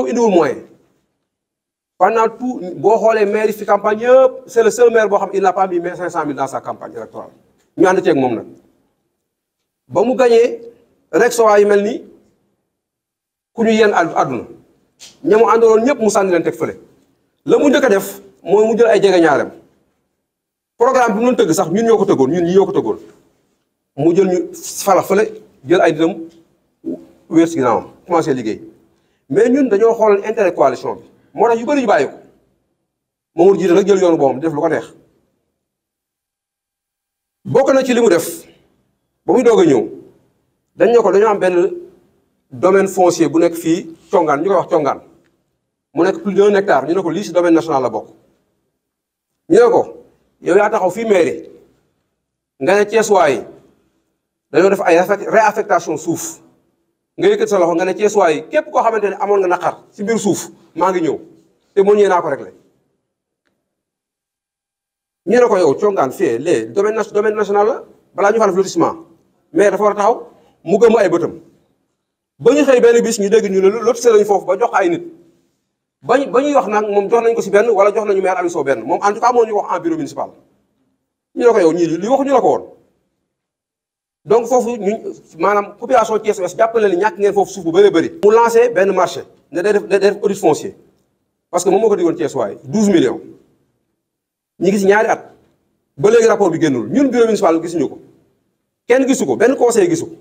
ñëw indiwul moyen tout boo xoolee maire yi fi campagne yëpp c' est le seul maire boo xam il n' a pas mis cinq cent mille dans sa campagne électorale ceeg moom nag ba mu gañee rek soo waay mel ni ku ñu yenn àdduna ña mu àndaloon ñëpp mu sànni leen teg fële la mu njëkk def mooy mu jël ay jege ñaarem programme bi mu tëgg sax ñun ñoo ko tëggoon ñu ñi mu jël ñu fala fële jël ay dinam wéer si ginnaawam commencé liggéey mais ñun dañoo xool intérêt coalition bi moo tax yu bëri ñu bàyyi ko Mamour Djité nag jël yoonu boppam def lu ko neex bokk na ci li mu def ba muy doog a ñëw dañ ne ko dañoo am benn domaine foncier bu nekk fii congaan ñu ko wax congaan mu nekk plus d'un hectare ñu ne ko lii si domaine national la bokk ñu ne ko yow yaa taxaw fii mairie nga ne Cees waaye dañoo def ay réaffectation suuf nga yëkkat sa loxo nga ne Cees waay képp koo xamante ne amoon nga naqar si biir suuf maa ngi ñëw te moo ñëwee naa ko réglé. ñu ne ko yow congaan fii les domaine domaine national la balaa ñu fal lotissement mais dafa war a taxaw mu gëm ay bëtam ba ñu xëy benn bis ñu dégg ñu ne lotissé lañu foofu ba jox ay nit. ba ñu ba ñuy wax nag moom jox nañ ko si benn wala jox nañu maire Aliou Sow benn moom en tout cas moo ñu wax en bureau municipal ñu ne ko yow ñii li waxuñu la ko woon. donc foofu ñu maanaam population Thiès Ouest jàpp na leen ñàkk ngeen foofu suuf bu bëree bëri. mu lancé benn marché ne day def day def audit foncier parce que moom moo ko digoon Thiès waaye 12 millions ñu gis ñaari at ba léegi rapport bi génnul ñun bureau municipal gisuñu ko kenn gisu ko benn conseil gisu ko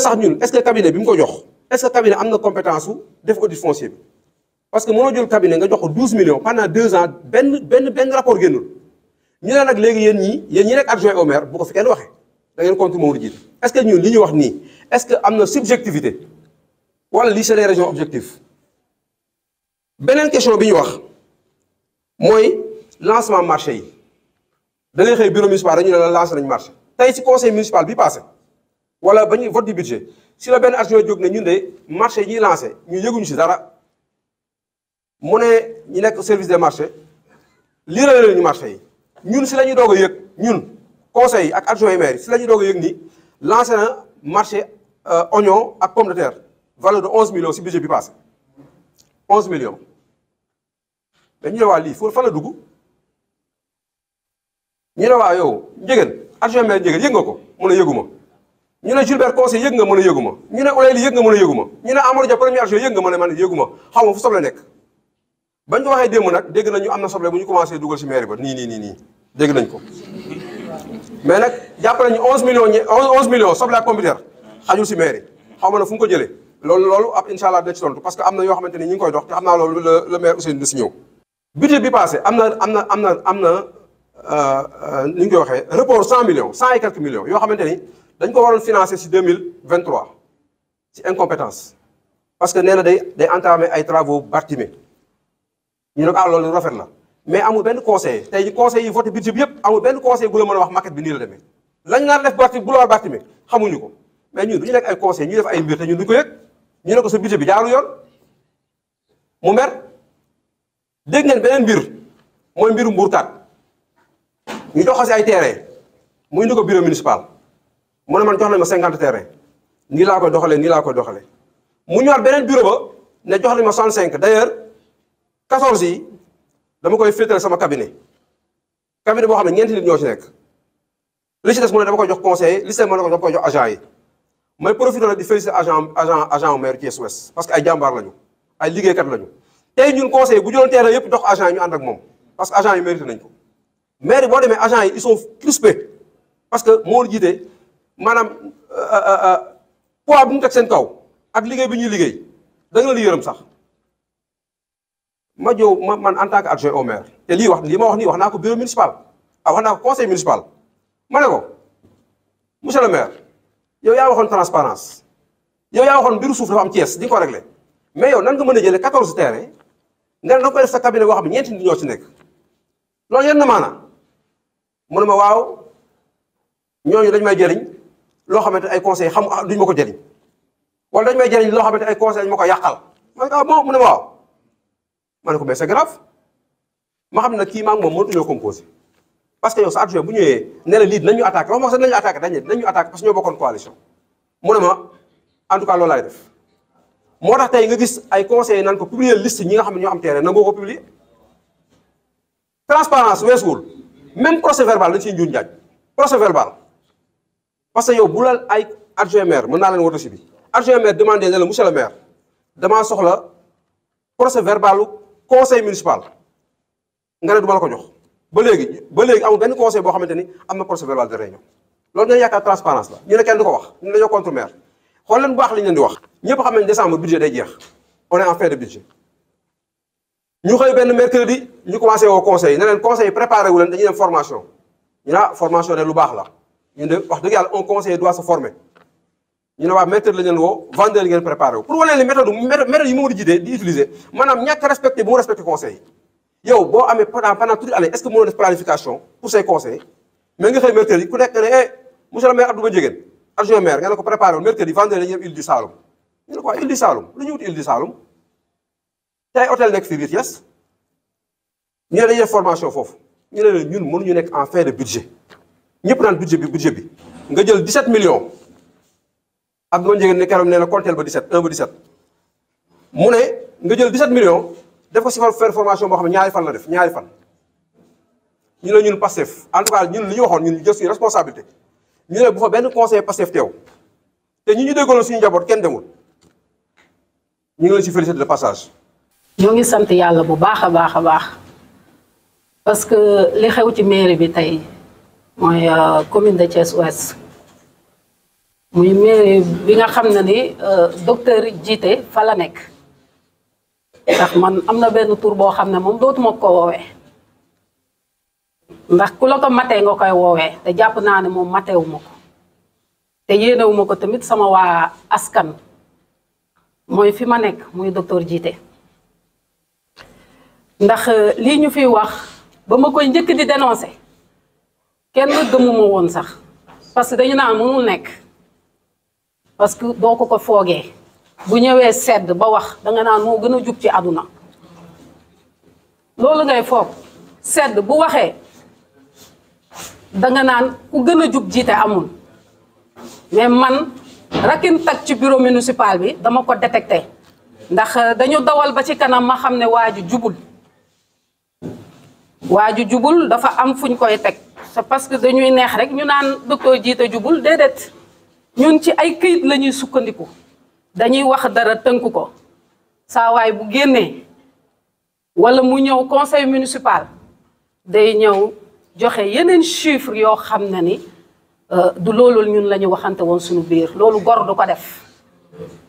sax ñun est-ce que cabinet bi mu ko jox est-ce que cabinet am na compétence su def audit foncier bi parce que mënoo jël cabinet nga jox ko 12 millions pendant deux ans benn benn benn rapport génnul ñu ne nag léegi yéen ñii yéen ñi nekk adjoint au maire ko fi kenn da ngeen compte Mamadou Djil que ñun li ñu wax nii est-ce que am na subjectivité wala lii c'est des raisons beneen question bi ñu wax mooy lancement marché yi da ngay xëy bureau municipal dañu ne la lancé nañu marché tey si conseil municipal bi passé wala ba ñuy vote du budget si la benn action jóg ne ñun de marché yi ñuy lancé ñu si dara mu ne ñu nekk service des marché lii la ñu marché yi ñun si la ñuy doog yëg ñun. conseil ak adjoint yi maire si la ñu doog a yëg ni lancé na marché euh, oignon ak pomme de terre valeur de onze millions si budget bi passé onze millions dañu ne waa lii foofu fan la dugg ñu ne waa yow njëgën adjoint maire njëgën yëg nga ko mën a yëguma ñu ne Gilbert Conseil yëg nga mën a yëguma ñu ne Olayli yëg nga mën a yëguma ñu ne Amadou Dia premier adjoint yëg nga mën a man yëguma xaw ma fu soble nekk ba ko waxee démb nag dégg nañu am na soble bu ñu commencé dugal ci maire ba nii nii nii nii dégg nañ ko mais nag jàpp nañu onze millions ñe onze millions soble ak computer xajul si mairie xaw ma na fu mu ko jëlee loolu loolu ab incha allah dina ci tontu parce que am na yoo xamante ni ñu koy dox te xam naa loolu le le maire Ousseynou du si ñëw. budget bi passé am na am na am na am na euh, ni ñu koy waxee report cent millions cent et quelques millions yoo xamante ni dañ ko waroon financer si deux mille vingt si incompétence parce que nee na day day entamer ay travaux Barthélemy ñu ne ko ah, loolu rafet la. mais amul benn conseil tey conseil yi voté budget bi yëpp amul benn conseil bu la a wax maquette bi nii la demee lañ naan def barti bu la barti mi xamuñu ko mais ñun du ñu nekk ay conseil ñu def ay mbir te ko ñu ne ko sa budget bi jaaru yoon mu mer dégg ngeen beneen mbir mooy mbiru mburtaat ñu jox ko si ay terrain muy ni ko bureau municipal mu ne man jox nañ ma cinquante terrain nii laa koy doxale nii laa koy doxalee mu ñëwaat beneen bureau ba ne jox nañ ma soixante cinq d' dama koy féetal sama cabinet cabinet boo xam ne ñeenti nit ñoo ci nekk li ci des mu ne dama koy jox conseil li ci des mu ne dama koy jox agent yi may profité nag di félicité agent agent agent maire Thiès Ouest parce que ay jàmbaar lañu ay liggéeykat lañu tey ñun conseil bu jëloon terrain yëpp dox agent yi ñu ànd ak moom parce que agent yi mérité nañ ko maire boo demee agent yi ils sont crispés parce que moo jiite maanaam euh, euh, euh, poids bu mu teg seen kaw ak liggéey bi ñuy liggéey da nga yërëm sax. ma jow ma man en tant que adjoint au maire te lii wax lii ma wax nii wax naa ko bureau municipal a ah, wax naa ko conseil municipal ma ne ko monsieur le maire yow yaa waxoon transparence yow yaa waxoon mbiru suuf dafa am Thiès di ko réglé mais yow nan nga mën a jëlee 14 terrain nga ne da nga koy def sa cabinet boo xam ne ñeenti nit ñoo si nekk loolu yenn maanaam mu ne ma waaw ñooñu dañu may jëriñ loo xamante ay conseil xam ah, duñu ma ko jëriñ wala dañu may jëriñ loo xamante ay conseil dañu ma ko yàqal ma ne ko ah bon ne waaw. ma ne ko mais c'est xam ne kii maa ngi moom mënatuñoo composé parce yow sa adjoint bu ñëwee ne la lii dinañ ñu attaqué wax ma sax dinañ ñu attaqué dañ dinañ ñu bokkoon coalition mu ne ma en tout cas loolu laay def moo tax tey nga gis ay conseillers nan ko publier list ñi nga xam ne ñoo am terrain nangoo ko publier transparence weesuwul même procès verbal dañ siy njuuñ jaaj procès verbal parce que yow bu la ay adjoint maire mën naa leen woto si bi adjoint maire demandé ne la le maire damaa soxla procès verbal conseil municipal nga ne du ma la ko jox ba léegi ba léegi amul benn conseil boo xamante ni am na procès verbal de réunion loolu ñu yaakaar transparence la ñu ne kenn du ko wax ñu dañoo contre maire xool leen bu baax li ñu leen di wax ñëpp xam nañ décembre budget day jeex on est en de budget ñu xëy benn mercredi ñu commencé woo conseil ne leen conseil préparé wu leen dañu dem formation ñu naa ah, formation ne lu baax la ñu de wax dëgg yàlla un conseiller doit se ñu ne waa maître la ñu leen woo vendeur ngeen préparé wu pour wane leen méthode méthode yi Mamadou Djidé di utiliser maanaam ñàkk respecté bu mu respecté conseil yow boo amee pendant pendant toute année est que mënoo def planification pour say conseil mais nga xëy mercredi ku nekk ne eh monsieur le maire Abdou Badiéguène adjoint maire nga ne ko préparé wu mercredi yi vendeur la ñu île du Saloum ñu ne ko waa île du Saloum lu ñu wut île du Saloum te hôtel nekk fii biir Thiès ñu ne dañuy def formation foofu ñu ne la ñun mënuñu nekk en fin de ñëpp naan budget bi budget bi nga jël 17 millions Abdoulaye Ndiéguène ne keroog nee na mu ne nga jël 17 millions def ko si faire formation boo xam ne ñaari fan la def ñaari fan ñu ne ñun Pastef en tout ñun li ñu waxoon ñun ñu jël suñu responsabilité ñu ne bu fa benn conseil Pastef teew te ñu ñu déggoonoon suñu jaboot kenn demul ñu ngi leen si félicité de passage. ñoo ngi sant yàlla bu baax a baax a baax parce que li xew ci mairie bi tey mooy euh, commune de Thiès Ouest. muy mairie bi nga xam ne ni euh, docteur jiite fa la nekk ndax man am na benn tur boo xam ne moom dootuma ko woowe ndax ku la ko matee nga koy woowee te jàpp naa ne moom matewuma ko te yéenewuma ko tamit sama waa askan mooy fi ma nekk muy docteur jiite ndax euh, lii ñu fi wax ba ma koy njëkk di dénoncé kenn gëmuma woon sax parce que dañu naan mu nekk parce que doo ko ko foogee bu ñëwee sedd ba wax danga naan moo gën a jub ci àdduna loolu ngay foog sedd bu waxee danga naan ku gën a jub jiite amul mais man rakin tak ci bureau municipal bi dama ko détecté ndax euh, dañu dawal ba ci kanam ma xam ne waaju jubul waaju jubul dafa am fuñ koy teg c'est parce que dañuy neex rek ñu naan docteur jiite jubul déedéet ñun ci ay këyit la ñuy sukkandiku dañuy wax dara tënk ko saawaay bu génnee wala mu ñëw conseil municipal day ñëw joxe yeneen chiffre yoo xam ne ni euh, du loolu ñun la waxante woon suñu biir loolu gor du ko def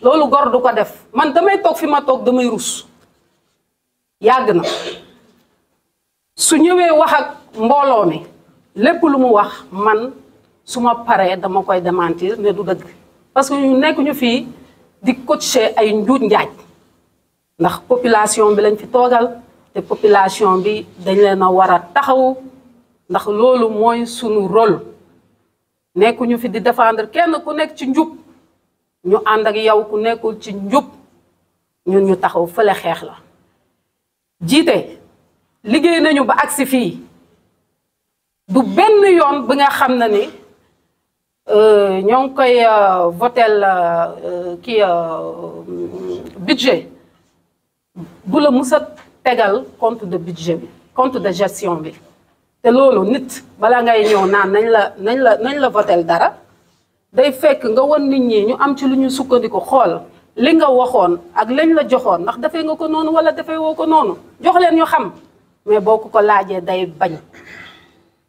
loolu gor du ko def man damay toog fi ma toog damay rus yàgg na su ñëwee wax ak mbooloo mi lépp lu mu wax man su ma paree dama koy démentir ne du dëgg parce que ñu nekk ñu fii di coacher ay njuuj njaaj ndax population bi lañ fi toogal te population bi dañ leen a war a taxawu ndax loolu mooy sunu rôle nekkuñu fi di defandir kenn ku nekk ci njub ñu ànd ak yow ku nekkul ci njub ñun ñu taxaw fële xeex la jiite liggéey nañu ba agsi fii du benn yoon bi nga xam na ni Euh, ñoo ngi koy euh, votel euh, ki budget bu la musat tegal compte de budget bi compte de gestion bi te loolu nit balaa ngay ñëw naan nañ la nañ la nañ la votel dara day fekk nga won nit ñi ñu am ci lu ñu sukkandiku xool li nga waxoon ak lañ la joxoon ndax defee nga ko noonu wala defee woo ko noonu jox leen ñu xam mais boo ko ko laajee day bañ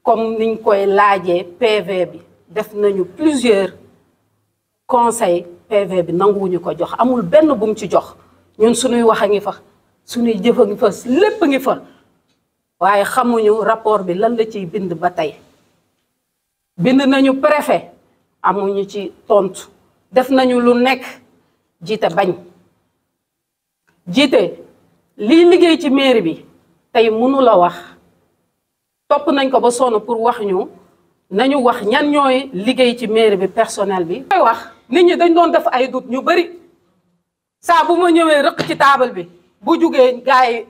comme niñ koy laajee PV bi def nañu plusieurs conseils PV bi nanguwuñu ko jox amul benn bum ci jox ñun suñuy wax a ngi fa suñuy jëf a ngi fa lépp a ngi fa waaye xamuñu rapport bi lan la ciy bind ba tey bind nañu préfet amuñu ci tont def nañu lu nekk jiite bañ jiite lii liggéey ci mairie bi tey mënu la wax topp nañ ko ba sonn pour wax ñu nañu wax ñan ñooy liggéey ci mairie bi personnel bi. koy wax nit ñi dañ doon def ay doute ñu bari saa bu ma ñëwee rëq ci taabal bi bu jugee gars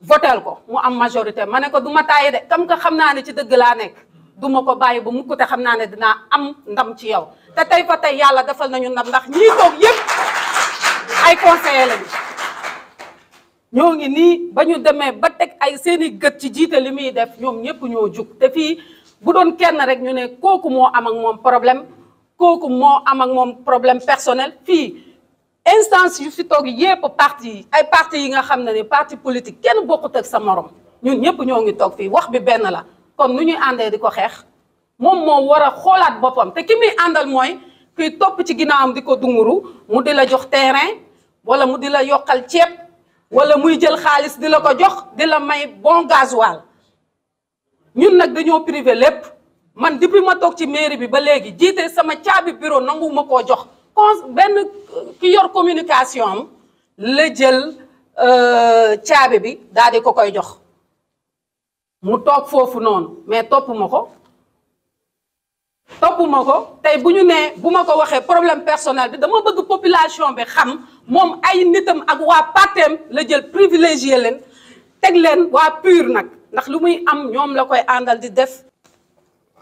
votel ko mu am majorité ma ne ko du ma tàyyi de kam ko xam naa ne ci dëgg laa nekk du ma ko bàyyi ba mukk te xam naa ne dinaa am ndam ci yow te tey fa tey yàlla defal nañu ndam ndax ñii toog yëpp ay conseillers ñoo ngi nii ba ñu demee ba teg ay seeni gët ci jiite li muy def ñoom ñëpp ñoo jug te fii. bu doon kenn rek ñu ne kooku moo am ak moom problème kooku moo am ak moom problème personnel fii instance yu si toog yépp parti yi ay parti yi nga xam ne ni parti politique kenn bokkut ak sa moroom ñun ñëpp ñoo ngi toog fii wax bi benn la kon nu ñuy àndee di ko xeex moom moo war a xoolaat boppam te ki muy àndal mooy kuy topp ci ginnaawam di ko dunguru mu di la jox terrain wala mu di la yokkal ceeb wala muy jël xaalis di la ko jox di la may bon gasoil ñun nag dañoo privé lépp man depuis ma toog ci mairie bi ba léegi jiite sama caabi bureau nangu ma koo jox kon benn ki yor communication am la jël euh, caabi bi daal ko koy jox mu toog foofu noonu mais topp ko topp ko tey bu ñu ne bu ma ko waxee problème personnel bi dama bëgg population bi xam moom ay nitam ak waa partem la jël privilégié leen teg leen waa PUR nag ndax lu muy am ñoom la koy àndal di def.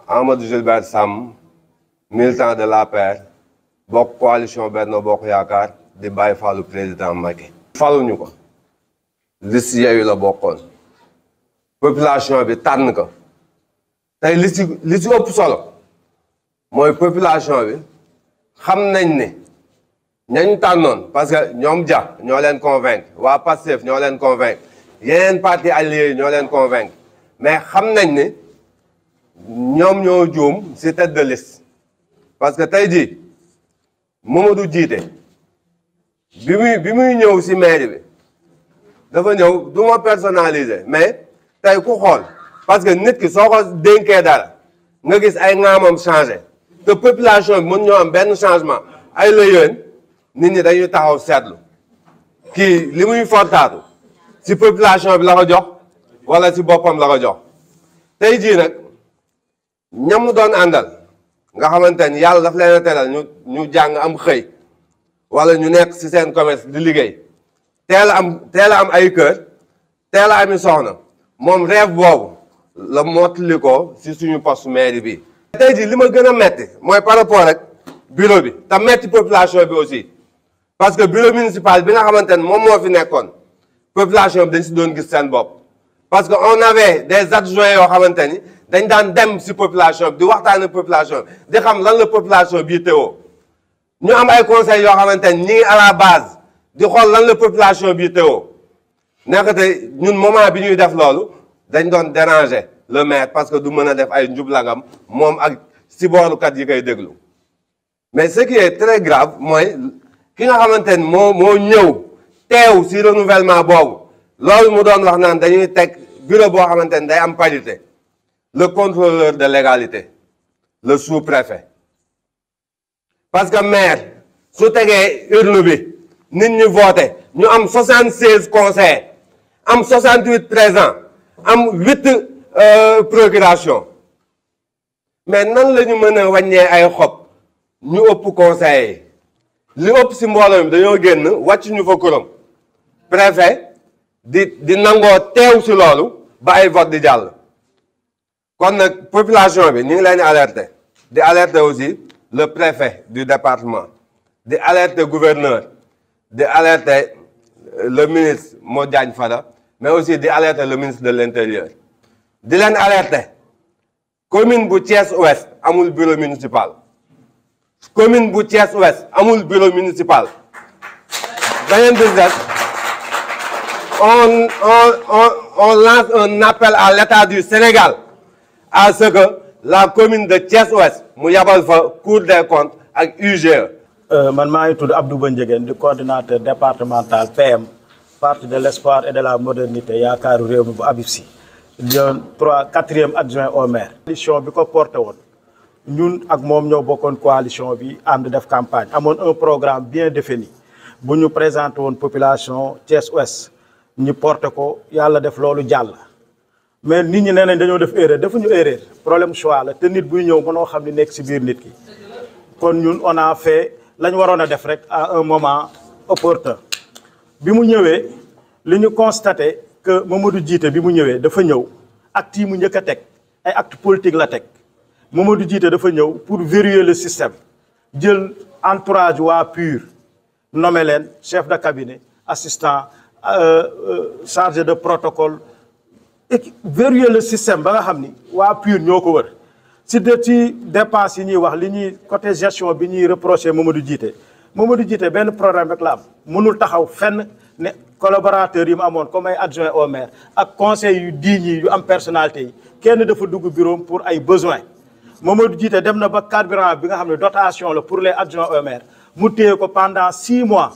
Amadou Gilbert Sam militant de l'APR bokk coalition Benno Bokk Yaakaar di bàyyi falu président Macky. faluñu ko. liste Yewwi la bokkoon. population bi tànn ko. tey li ci solo. mooy population bi xam nañ ne ñañ tànnoon parce que ñoom ja ñoo leen convaincre waa Pastef ñoo leen convaincre yeneen parti alliés ñoo leen convaincre mais xam nañ ne ñoom ñoo juum ci tête de liste parce que tey jii Mamadou Djité bi muy bi muy ñëw si mairie bi dafa ñëw du ma personnaliser mais tey ku xool parce que nit ki soo ko dénkee dara nga gis ay ŋaamam changé te population bi mën ñoo am benn changement ay la yéen nit ñi dañuy taxaw seetlu kii li muy fortaatu ci population bi la ko jox wala ci boppam la ko jox tey jii nag ñamu doon àndal nga xamante ni yàlla daf leen a teral ñu ñu jàng am xëy wala ñu nekk ci seen commerce di liggéey teel am teel am ay kër teel a ami soxna moom rêve boobu la mottali ko ci suñu poste mairie bi tey jii li ma gën a metti mooy par rapport ak bureau bi te metti population bi aussi parce que bureau municipal bi nga xamante ni moom moo fi nekkoon population bi dañ si doon gis seen bopp parce que on avait des adjoints yoo xamante ni dañ daan dem si population bi di waxtaane population di xam lan la population bii teewoo ñu am ay conseils yoo xamante ni ñu ngi à la base di xool lan la population bii teewoo nekkate ñun moment bi ñuy def loolu dañ doon déranger le maire parce que du mën a def ay njublangam moom ak si siboorukat yi kay déglu mais ce qui est très mooy ki nga xamante ni moo moo ñëw teew si renouvellement boobu loolu mu doon wax naan dañuy teg bureau boo xamante ni day am parité le contrôleur de légalité le sous-préfet parce que maire su tegee urne bi nit ñi voté ñu am 76 conseillers am 68 présents am 8 euh, procurations mais nan la ñu mën a wàññee ay xob ñu ëpp conseillers yi li ëpp si mbooloo mi dañoo génn wàcc ñu fa kuram préfet di di nangoo teew si loolu ba ay vote di jàll kon nag population bi ñu ngi leen di di alerter aussi le préfet di département di alerte gouverneur di alerte euh, le ministre Modou Diagne Fada mais aussi di alerte le ministre de l'intérieur di leen alerte commune bu Thiès Ouest amul bureau municipal commune bu Thiès Ouest amul bureau municipal on, on, on, on lance un appel à l'État du Sénégal à ce que la commune de Thiès-Ouest mu yabal fa Cour des comptes ak UGE. Euh, man maa ngi tudd Abdou Ba Ndiéguène di coordinateur départemental PM parti de l'espoir et de la modernité yaakaaru réew mi bu Habib Sy doon trois quatrième adjoint au maire. coalition bi ko porté woon ñun ak moom ñoo bokkoon coalition bi ànd def campagne amoon un programme bien défini bu ñu présenté woon population Thiès-Ouest ñu porté ko yàlla def loolu jàll. mais ni ñi nee nañ dañoo def erreur defuñu erreur problème choix la te nit buy ñëw mënoo xam ni nekk si biir nit ki kon ñun on a fait la ñu waroon a def rek à un moment opportun bi mu ñëwee li ñu constaté que Mamadou Djité bi mu ñëwee dafa ñëw acte mu njëkk a teg ay acte politique la teg Mamadou jiite dafa ñëw pour verrouiller le système jël entourage waa PUR nommé leen chef de cabinet assistant Euh, euh, chargé de protocole et verrouiller le système ba nga xam ni waa PUR ñoo ko wër si de ci dépense yi ñuy wax li ñuy côté gestion bi ñuy reproché Mamadou Djité Mamadou jiite benn programme rek la am mënul taxaw fenn ne collaborateurs yi mu amoon comme ay adjoint au maire ak conseil yu digne yi yu am personnalité yi kenn dafa dugg bureau pour ay besoin Mamadou Djité dem na ba carburant bi nga xam ne dotation la pour les adjoints au maire mu téye ko pendant six mois